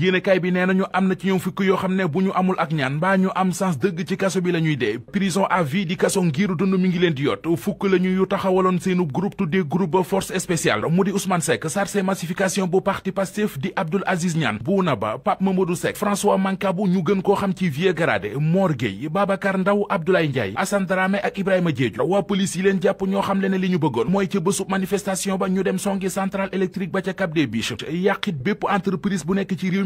yéenekaay bi nee nañu am na ci ñoom fukk yoo xam ne bu ñu amul ak ñaan mbaa ñu am sens dëgg ci kaso bi la ñuy dee prison à vie di kaso ngiru dund mi ngi leen di yott fukk la ñu yu taxawaloon seenu groupe tuddee groupe ba force spéciale mu di Ousmane Seck chargé massification bu parti Pastef di Abdoul Aziz Niane Bouna Ba Pape Mamadou Seck François Mancabou ñu gën koo xam ci Vieux Gradé Mor Gueye Babacar Ndaw Abdoulaye Ndiaye Assane Dramé ak Ibrahima Diédhiou waa police leen jàpp ñoo xam le ne li ñu bëggoon mooy ca bésub manifestation ba ñu dem songi centrale électrique ba ca Cap des Biches bépp entreprise bu nekk ci réew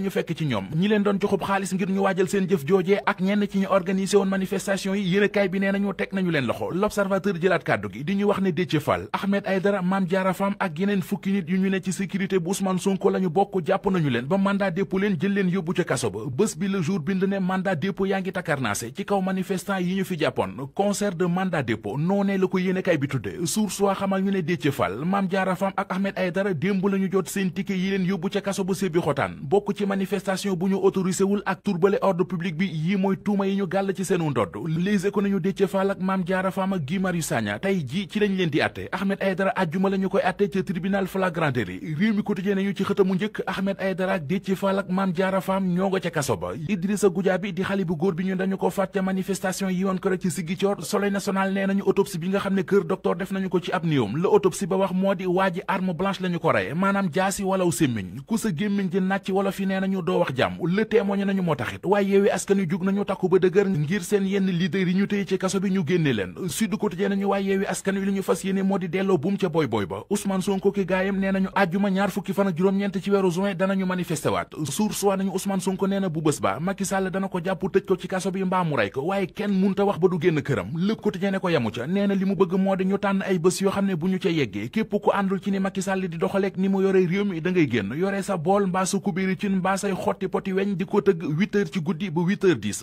la fekk ci ñoom ñi leen doon joxub xaalis ngir ñu waajal seen jëf joojee ak ñenn ci ñu organisé woon manifestation yi yéenekaay bi nee nañu teg nañu leen loxo l'observateur jëlaat kàddu gi di ñu wax ne Déthié Fall Ahmed Aïdara Mame Diarra Fam ak yeneen fukki nit yu ñu ne ci sécurité bu Ousmane Sonko la bokk jàpp nañu leen ba mandat dépôt leen jël leen yóbbu ca kaso ba bés bi le jour bind ne mandat dépôt yaa ngi takarnaase ci kaw manifestant yi ñu ci manifestation bu ñu autorisé wul ak turbale ordre public bi yi mooy tuuma yi ñu gàll ci seenu ndodd les éco nañu Déthié Fall ak Mame Diarra Fam ak Guy Marius Sagna tey ji ci lañ leen di atte Ahmed Aïdara ajjuma la koy atte ca tribunal flagrant délit réew mi quotidien nañu ci xëtamu njëkk Ahmed Aïdara ak Déthié Fall ak Mame Diarra Fam ñoo nga ca kaso ba Idrissa Goudiaby di xale bu góor bi ñu dañu ko faat ca manifestation yi woon koro ci Ziguinchor Soleil national nee nañu autopsie bi xam ne kër docteur def nañu ko ci ab néewam la autopsie ba wax moo di waa ji arme blanche la ñu ko rey maanaam jaasi walaw sémmiñ ku sa nee nañu doo wax jàmm le témoigné nañu moo taxit waaye yeewi askan wi jug nañu takku ba dëgër ngir seen yenn leader yi ñu téye ci kaso bi ñu génne leen Sud Quotidien nañu waaye yeewi askan wi li ñu fas yéene moo di delloo buum ca boy boy ba Ousmane Sonko ki gaayam nee nañu àjjuma ñaar fukki fan juróom-ñeent ci weeru juin danañu manifesté waat source waa nañu Ousmane Sonko nee na bu bés ba Macky Sall dana ko jàpp tëj ko ci kaso bi mbaa mu rey ko waaye moo di ñu tànn ay bés yoo xam ne bu mbaasay xotti poti di ko tëgg huit ci guddi ba huit heures dix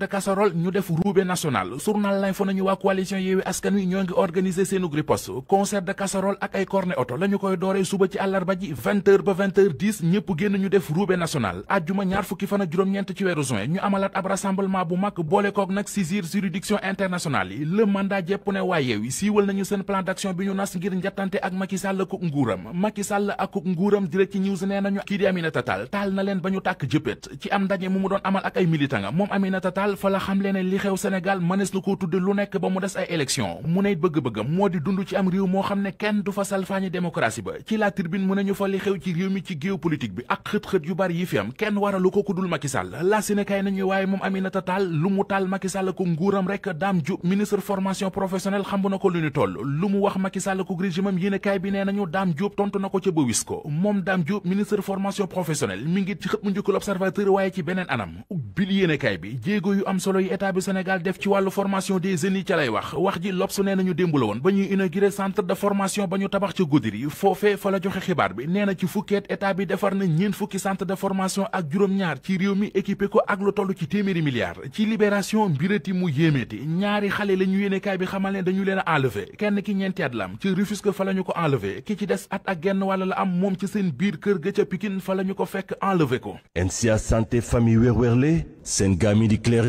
de casserole ñu def roube national journal lañ fa nañu waa coalition Yewwi Askan Wi ñoo ngi organiser seenu riposte concert de casserole ak ay corne oto la ñu koy dooree suba ci àllarba ji vingt heures ba vingt heures dix ñëpp génn ñu def roube national ajjuma ñaar fukki fan ak juróom-ñeent ci weeru juin ñu amalaat ab rassemblement bu mag boole koog nag saisir juridiction internationale yi le mandat jëpp ne waa Yewwi nañu seen plan d'action bi ñu nas ngir njattante ak Macky Sall ak nguuram Macky Sall ak nguuram direct ci news nee nañu kii di Aminata Tall taal na leen ba ñu tàkk jëppét ci am ndaje mu mu doon amal ak ay militant nga moom Aminata Tall fa la xam leen ne li xew Sénégal mënees koo tudde lu nekk ba mu des ay élection mu ne bëgg-bëggam moo di dund ci am réew moo xam ne kenn du fa salfaañi démocratie ba ci la tribune mu ne ñu fa li xew ci réew mi ci géopolitique bi ak xët-xët yu bari yi fi am kenn waralu ko ku dul Macky Sall la Sénégal nañu waaye moom Aminata Tall lu mu taal Macky Sall ko nguuram rek Dame Diop ministre formation professionnelle xam na ko lu ñu toll lu mu wax Macky Sall ko régime am yéene kaay bi nee nañu daam Diop tontu na ko ko moom Dame Diop formation professionnelle mi ngi ci xët mu njëkk l'observateur waaye ci beneen anam ubbil yéenekaay bi jéego yu am solo yi état bu Sénégal def ci wàllu formation des jeunes ca lay wax wax ji L'Obs nee nañu démb la woon ba ñuy inauguré centre de formation ba ñu tabax ca Goudiri foofee fa la joxe xibaar bi nee na ci fukkeet état bi defar na ñeen fukki centre de formation ak juróom-ñaar ci réew mi équipé ko ak lu toll ci téeméeri milliards ci libération mbirati mu yéemeeti ñaari xale la ñu yéenekaay bi xamal ne dañu leen a kenn ki ñeenti at am ci Rufisque fa ñu ko enlevé ki ci des at ak genn wàll la am moom ci seen biir kër ga ca Pikine fa la ñu ko fekk enlever ko NCA santé famille wér-wérle seen gaami di clair